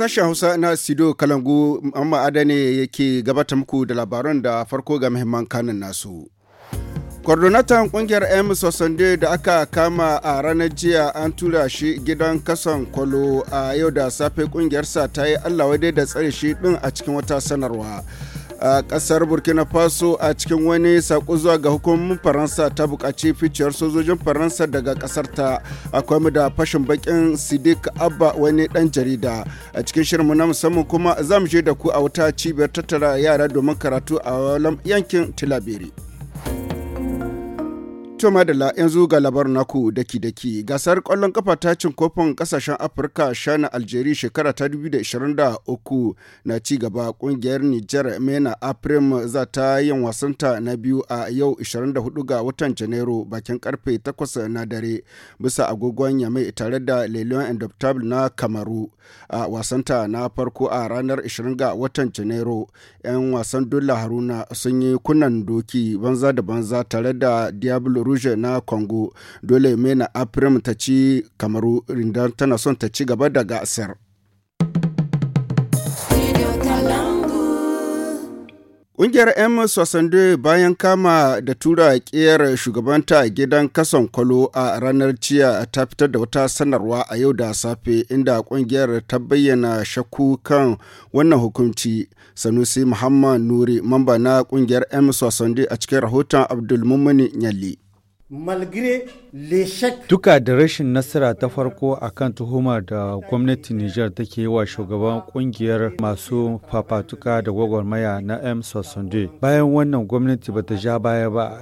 Sashen Hausa na Sido Kalangu Amma Adane yake gabata muku da labaran da farko ga muhimman kanin nasu. Kwarnatan kungiyar M Sosande da aka kama a ranar jiya an tura shi gidan kasan kwalo a yau da safe kungiyarsa ta yi Allah wadai da tsare shi din a cikin wata sanarwa. a kasar burkina faso a cikin wani sako zuwa ga hukumomin faransa ta bukaci ficiyar sojojin faransa daga kasar ta akwai mu da fashin bakin sidik abba wani dan jarida a cikin shirinmu na musamman kuma za mu je da ku a wuta cibiyar tattara yara domin karatu a yankin tilabiri. To madalla yanzu ga labarin naku daki-daki gasar kwallon kafa ta cin kofin kasashen Afirka shana Algeria shekara ta 2023 na ci gaba kungiyar Nijar Mena Aprim za ta yin wasanta na biyu a yau 24 ga watan Janairu bakin karfe 8 na dare bisa agogon Yamai tare da Lelion Indomitable na Kamaru a wasanta na farko a ranar 20 ga watan Janairu 'yan wasan Dula Haruna sun yi kunan doki banza da banza tare da Diablo rouge na congo dole mena aprim ta ci kamaru rindar tana son ta ci gaba da gasar. Ƙungiyar M. Sosande bayan kama da tura ƙiyar shugabanta a gidan kason kwalo a ranar jiya ta fitar da wata sanarwa a yau da safe inda ƙungiyar ta bayyana shakku kan wannan hukunci. Sanusi Muhammad Nuri, mamba na ƙungiyar M. Sosande a cikin rahoton Abdulmumini Nyalli. Duka da rashin nasara ta farko a kan tuhumar da gwamnatin Nijar take yi wa shugaban kungiyar masu fafatuka da gwagwarmaya na M. Sosonde. Bayan wannan gwamnati bata ja baya ba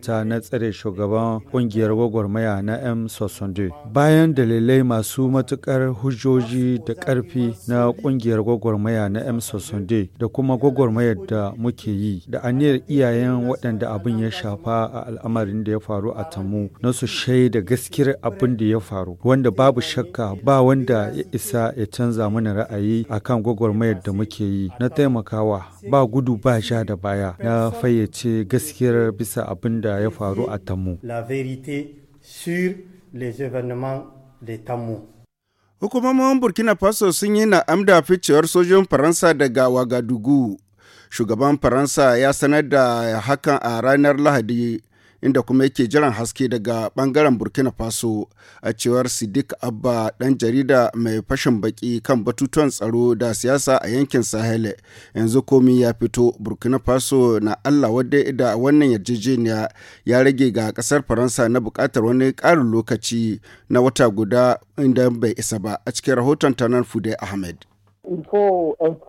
ta na tsare shugaban kungiyar gwagwarmaya na M. Sosonde. Bayan dalilai masu matukar hujjoji da karfi na kungiyar gwagwarmaya na M. Sosonde da kuma gwagwarmayar da muke yi da aniyar iyayen waɗanda abin ya shafa a al'amarin da ya faru a tamu na su shaida gaskiyar abin da ya faru wanda babu shakka ba wanda ya isa ya canza mana ra'ayi akan gwagwarmayar da muke yi na taimakawa ba gudu ba sha da baya na fayyace gaskiyar bisa abin da ya faru a tamu. Hukumomin Burkina Faso sun yi na amda ficewar sojojin Faransa daga Wagadugu. Shugaban Faransa ya sanar da hakan a ranar Lahadi inda kuma yake jiran haske daga bangaren burkina faso a cewar sidik abba dan jarida mai fashin baki kan batutuwan tsaro da siyasa a yankin sahel yanzu komi ya fito burkina faso na allah wadda da wannan yarjejeniya ya rage ga kasar faransa na bukatar wani karin lokaci na wata guda inda bai isa ba a cikin rahoton tanar fude ahmed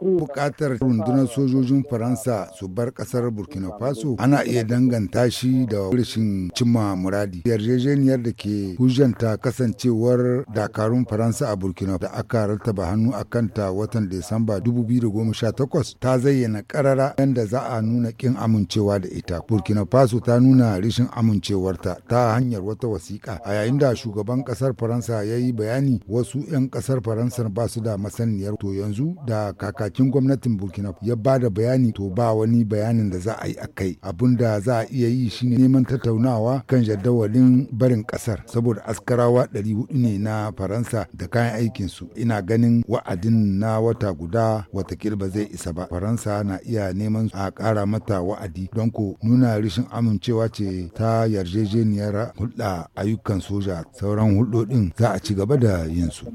bukatar rundunar sojojin faransa su bar kasar burkina faso ana iya danganta shi da rashin cimma muradi yarjejeniyar da ke hujjanta kasancewar dakarun faransa a burkina da aka rattaba hannu a kanta watan desamba 2018 ta zayyana karara yadda za a nuna kin amincewa da ita burkina faso ta nuna rashin amincewarta ta hanyar wata wasiƙa a yayin da shugaban kasar faransa ya yi bayani wasu 'yan kasar faransa ba su da masaniyar toyon yanzu da kakakin gwamnatin burkina ya ba da bayani to ba wani bayanin da za a yi a kai abin da za a iya yi shine neman tattaunawa kan jadawalin barin kasar saboda askarawa hudu ne na faransa da kayan aikin su ina ganin wa'adin na wata guda watakil ba zai isa ba faransa na iya neman a kara mata wa'adi don ko nuna rashin amincewa ce ta yarjejeniyar hulɗa ayyukan soja sauran hulɗoɗin za a ci gaba da yin su.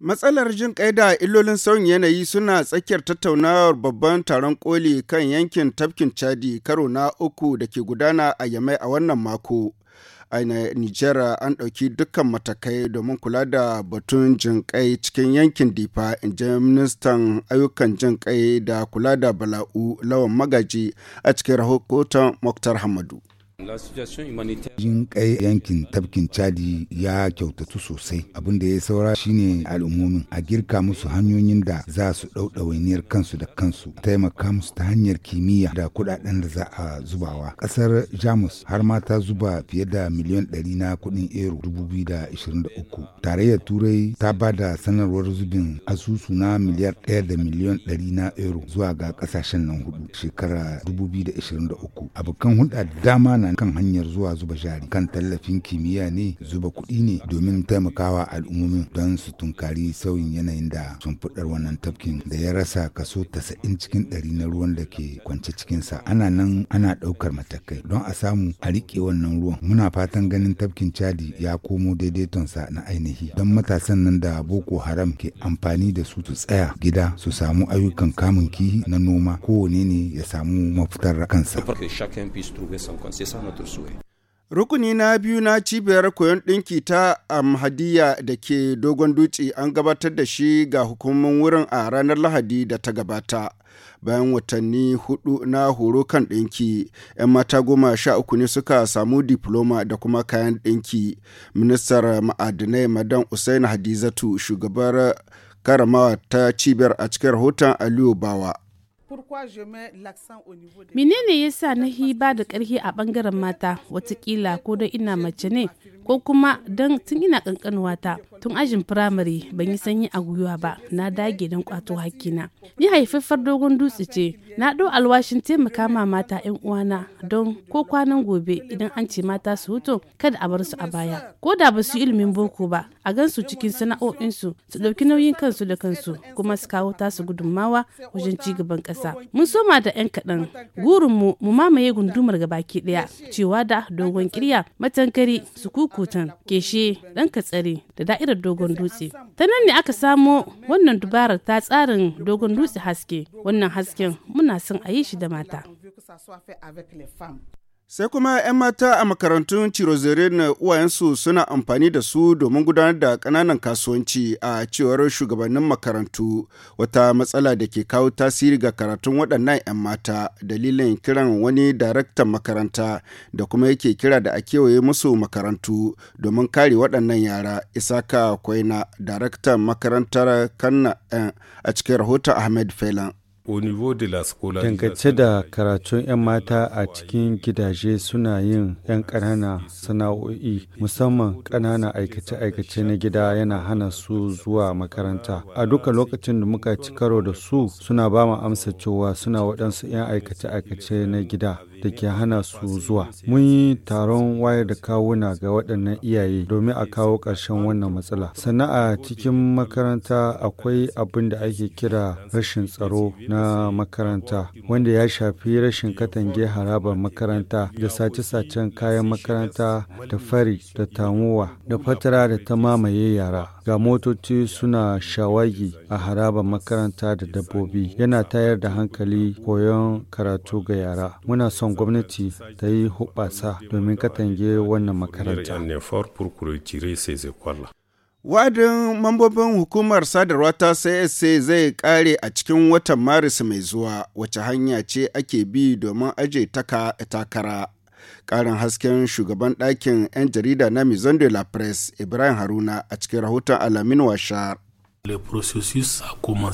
Matsalar jin da illolin sauyin yanayi suna tsakiyar tattaunawar babban taron koli kan yankin tafkin Chadi karo na uku da ke gudana a Yamai a wannan mako. A Nijera an ɗauki dukkan matakai domin kula da batun jinƙai cikin yankin Difa, in ji ministan ayyukan jinƙai da kula da bala'u lawan magaji a cikin rahoton Muktar Hamadu. Jin kai yankin tafkin Chadi ya kyautatu sosai. Abin da ya saura shine al'ummomin a girka musu hanyoyin da za su wainiyar kansu da kansu, taimaka musu ta hanyar kimiyya da kuɗaɗen da za a zubawa. Ƙasar Jamus har ma ta zuba fiye da miliyan ɗari na kuɗin euro 2023. Tarayyar Turai ta ba da sanarwar zubin asusu na miliyar ɗaya da miliyan ɗari na euro zuwa ga ƙasashen nan hudu shekara 2023. Abokan hulɗa dama na magana kan hanyar zuwa zuba jari kan tallafin kimiyya ne zuba kuɗi ne domin taimakawa al'ummomin don su tunkari sauyin yanayin da sun shimfiɗar wannan tafkin da ya rasa kaso tasa'in cikin ɗari na ruwan da ke kwance cikinsa ana nan ana ɗaukar matakai don a samu a riƙe wannan ruwan muna fatan ganin tafkin cadi ya komo daidaitonsa na ainihi don matasan nan da boko haram ke amfani da su su tsaya gida su samu ayyukan kamun kihi na noma kowane ne ya samu mafitar kansa Rukuni na biyu na cibiyar koyon ɗinki ta Amhadiya da ke Dogon Dutse an gabatar da shi ga hukumomin wurin a ranar Lahadi da ta gabata. Bayan watanni hudu na horo kan ɗinki, 'yan mata goma sha uku ne suka samu diploma da kuma kayan ɗinki. Ministar ma'adinai Madan Usain Hadizatu shugabar karamawa ta cibiyar a cikin rahoton Aliyu Bawa. Menene ya sa na hiba ba da ƙarfi a ɓangaren mata watakila ko don ina mace ne ko kuma don tun ina kankanuwa ta tun ajin firamare ban yi sanyi a gwiwa ba na dage don kwato hakina. ni haifaffar dogon dutse ce na ɗau alwashin taimaka ma mata yan uwana don ko kwanan gobe idan an ce mata su hutu kada a bar su a baya ko da ba su ilimin boko ba a gan su cikin sana'o'insu su ɗauki nauyin kansu da kansu kuma su kawo tasu gudummawa wajen ci gaban ƙasa mun soma da 'yan kaɗan gurin mu mu mamaye gundumar gabaki ɗaya cewa da dogon kirya matankari sukuku kutan keshe dan katsari da da'irar dogon dutse ta nan ne aka samo wannan dubarar ta tsarin dogon dutse haske wannan hasken muna son a yi shi da mata Sai kuma 'yan mata a makarantun Cirozere na uwayensu suna amfani da su domin gudanar da ƙananan kasuwanci a cewar shugabannin makarantu wata matsala da ke kawo tasiri ga karatun waɗannan 'yan mata dalilin kiran wani daraktan makaranta da kuma yake kira da a kewaye musu makarantu domin kare waɗannan yara Isaka Kwaina daraktan makarantar Kanna eh, a cikin rahoton Ahmed Felan. Dangance da karatun 'yan mata a cikin gidaje suna yin 'yan ƙanana sana'o'i musamman ƙanana aikace-aikace na gida yana hana su zuwa makaranta. A duka lokacin da muka ci karo da su suna ba mu amsa cewa suna waɗansu 'yan aikace-aikace na gida. da ke hana su zuwa. Mun yi taron wayar da kawuna ga waɗannan iyaye domin a kawo ƙarshen wannan matsala. Sannan a cikin makaranta akwai abin da ake kira rashin tsaro na makaranta wanda ya shafi rashin katange harabar makaranta da sace-sacen kayan makaranta da fari da tamuwa da fatara da ta mamaye yara. Ga motoci suna shawagi a harabar makaranta da dabbobi yana tayar da hankali koyon karatu ga yara. Muna son gwamnati ta yi hubasa domin katange wannan makaranta. Wa'adin mambobin hukumar sadarwa ta sai zai kare a cikin watan Maris mai zuwa wace hanya ce ake bi domin aje takara. Karin hasken shugaban ɗakin 'yan jarida na Mizondo la Press, Ibrahim Haruna a cikin rahoton Alamin Washar.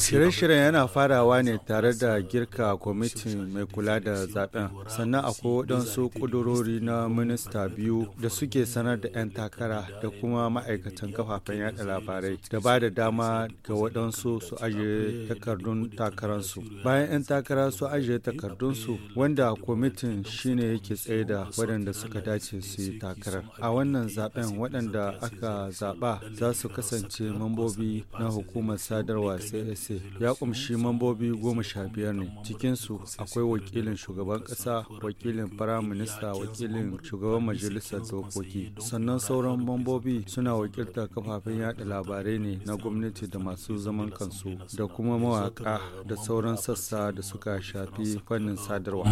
shirye shirye yana farawa ne tare da girka kwamitin mai kula da zaben sannan akwai waɗansu ƙudurori na minista biyu da suke sanar da 'yan takara da kuma ma'aikatan kafafen yada labarai da ba da dama ga waɗansu su ajiye takardun takararsu bayan 'yan takara su ajiye takardunsu wanda kwamitin shine yake tsaye da waɗanda suka dace su yi takarar a wannan zaben waɗanda aka zaɓa za su kasance mambobi na hukumar sadarwa CSA ya kumshi mambobi goma sha biyar ne cikinsu akwai wakilin shugaban kasa wakilin firaminista wakilin shugaban majalisar dokoki sannan sauran mambobi suna wakiltar kafafen yada labarai ne na gwamnati da masu zaman kansu da kuma mawaka da sauran sassa da suka shafi fannin sadarwa.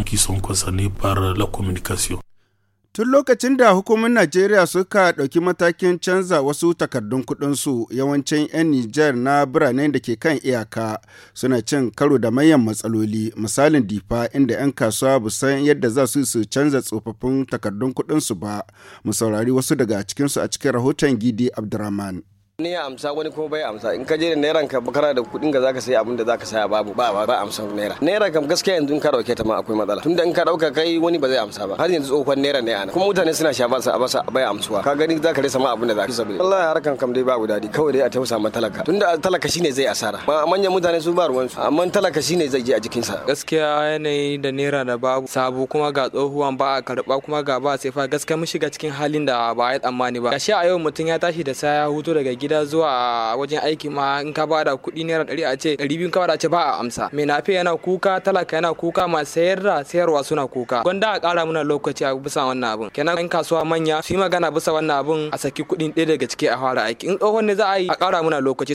Tun lokacin da hukumomin Najeriya suka ɗauki matakin canza wasu takardun kuɗinsu yawancin 'yan Nijar na biranen da ke kan iyaka suna cin karo da manyan matsaloli misalin difa inda 'yan kasuwa ba san yadda za su su canza tsofaffin takardun kuɗinsu ba mu saurari wasu daga cikinsu a cikin rahoton Gidi Abdurrahman. Ni ya amsa wani kuma bai amsa in ka je da naira ka bakara da kudin ka zaka sai abin da zaka saya babu ba ba amsa naira. Naira kam gaskiya yanzu in ka dauke ta ma akwai matsala tunda in ka dauka kai wani ba zai amsa ba har yanzu tsohon naira ne ana kuma mutane suna shafa su a basa bai amsuwa ka gani zaka rasa ma abin da zaka sabi. Wallahi harkan kam dai babu dadi kawai dai a tausa ma talaka tunda talaka shine zai asara ba manyan mutane su ba ruwan su amma talaka shine zai je a jikin sa. Gaskiya yanayi da naira da babu sabo kuma ga tsohuwan ba a karba kuma ga ba sai fa gaskiya mun shiga cikin halin da ba a yi tsammani ba. Gashi a yau mutum ya tashi da saya hutu daga gida gida zuwa wajen aiki ma in ka bada kuɗi naira ɗari a ce ɗari biyu ka bada ce ba a amsa mai nafe yana kuka talaka yana kuka ma sayar da sayarwa suna kuka gwanda a ƙara mana lokaci a bisa wannan abun kenan in kasuwa manya su yi magana bisa wannan abun a saki kuɗi ɗaya daga ciki a fara aiki in tsohon ne za a yi a ƙara mana lokaci.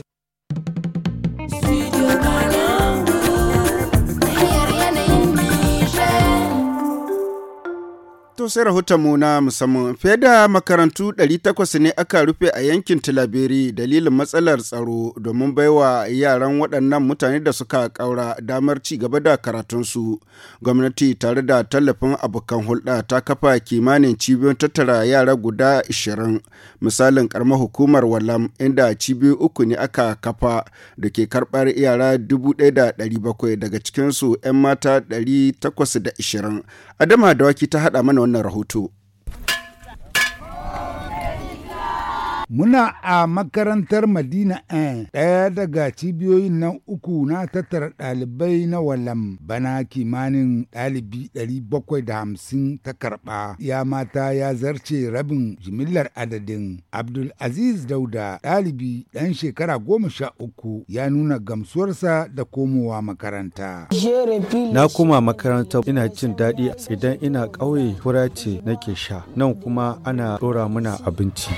to rahoton rahotonmu na musamman fiye da makarantu 800 ne aka rufe a yankin tilaberi dalilin matsalar tsaro domin baiwa yaran waɗannan mutane da suka ƙaura damar ci gaba da karatunsu gwamnati tare da tallafin abokan hulɗa ta kafa kimanin cibiyoyin tattara yara guda 20 misalin karma hukumar walam inda cibiyoyi uku ne aka kafa da ke karɓar yara 1,700 daga cikinsu 'yan mata 820 adama dawaki ta haɗa mana wannan wannan rahoto. Muna a makarantar Madina N ɗaya daga cibiyoyin nan uku na tattara ɗalibai na walam bana kimanin ɗalibi hamsin ta karɓa ya mata ya zarce rabin jimillar adadin. Abdul Aziz Dauda ɗalibi ɗan shekara goma sha uku ya nuna gamsuwarsa da komowa makaranta. Na kuma makaranta ina cin daɗi idan ina ƙauye furace nake sha nan kuma ana ɗora muna abinci.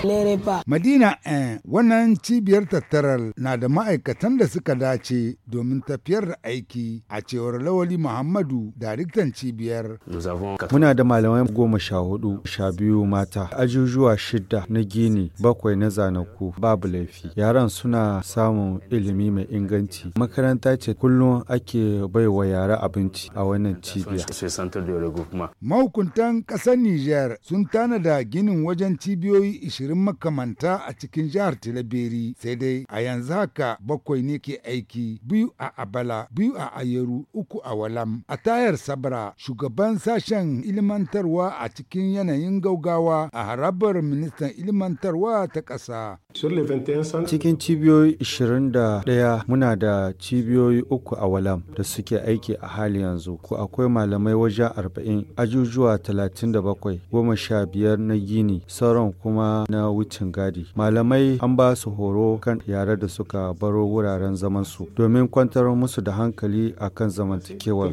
Madina eh, wannan cibiyar tattarar na da ma'aikatan da suka dace domin tafiyar da aiki a cewar Lawali Muhammadu, daraktan cibiyar. Muna da malamai goma sha hudu, sha biyu mata, ajujuwa shida na gini, bakwai na zanaku, babu laifi. Yaran suna samun ilimi mai inganci. Makaranta ce kullum ake baiwa yara abinci a wannan cibiyar. Mahukuntan ƙasar Nijar sun tanada ginin wajen cibiyoyi 20 makamanta doka a cikin jihar Talabiri sai dai a yanzu haka bakwai ne ke aiki biyu a Abala biyu a Ayeru uku a Walam a tayar Sabra shugaban sashen ilmantarwa a cikin yanayin gaugawa a harabar ministan ilmantarwa ta ƙasa. Cikin cibiyoyi 21 muna da cibiyoyi uku a Walam da suke aiki a hali yanzu ko akwai malamai wajen 40 ajujuwa 37 goma sha biyar na gini sauran kuma na wucin gadi gadi malamai an ba su horo kan yare da suka baro wuraren zaman su domin kwantar musu da hankali akan zamantakewar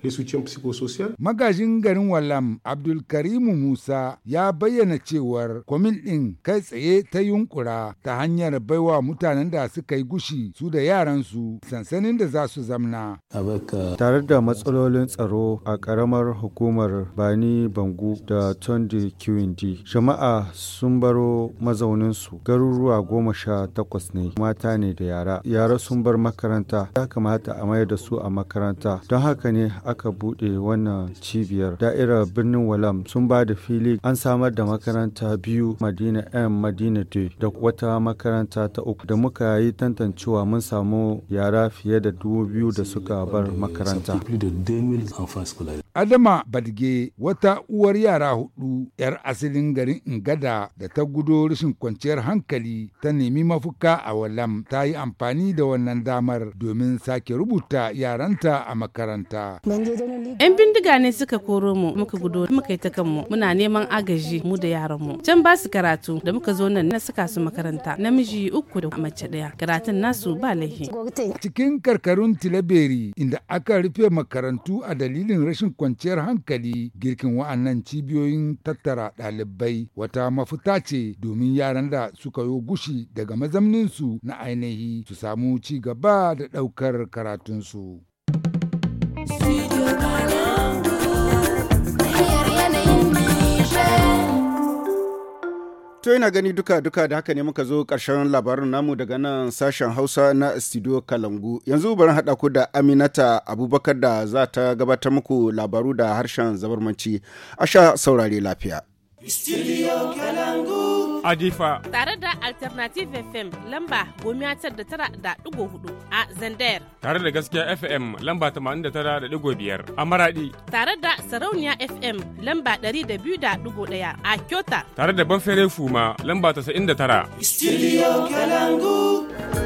magajin garin wallam abdulkarimu musa ya bayyana cewar kwamin ɗin kai tsaye ta yunkura ta hanyar baiwa mutanen da suka yi gushi su da yaransu sansanin da za su zamna tare da matsalolin tsaro a karamar hukumar bani bangu da tondi qnd jama'a sun baro mazauninsu garuruwa goma sha takwas ne mata ne da yara yara sun bar makaranta ya kamata a mayar da su a makaranta don haka ne aka bude wannan cibiyar da'irar birnin walam sun ba da fili an samar da makaranta biyu madina m madina d da wata makaranta ta uku da muka yi tantancewa mun samu yara fiye da dubu biyu da suka bar makaranta adama badge wata uwar yara hudu yar asalin garin ingada da ta gudo rashin kwanciyar hankali hankali ta nemi mafuka a walam ta yi amfani da wannan damar domin sake rubuta yaranta a makaranta. 'Yan bindiga ne suka koro mu muka gudo muka yi ta kanmu muna neman agaji mu da yaran mu Can ba su karatu da muka zo nan na saka su makaranta namiji uku da mace ɗaya karatun nasu ba laifi. Cikin karkarun Tilaberi inda aka rufe makarantu a dalilin rashin kwanciyar hankali girkin wa'annan cibiyoyin tattara ɗalibai wata mafita ce domin yaran da suka suka yi gushi daga mazamninsu na ainihi su samu ci gaba da ɗaukar karatunsu. To yana gani duka-duka da haka ne muka zo ƙarshen labarin namu daga nan sashen Hausa na Studio Kalangu. Yanzu bari haɗa ku da Aminata Abubakar da za ta gabatar muku labaru da harshen zabarmanci. Asha saurare lafiya. Studio Kalangu. Adifa. Tare da Alternative FM lamba gomiya tar da tara da digo hudu a zander. Tare da gaskiya FM lamba tamanin da tara da digo biyar a Maradi. Tare da Sarauniya FM lamba ɗari da biyu da digo ɗaya a Kyota. Tare da Banfere Fuma lamba tasa'in da tara. Studio Kalangu.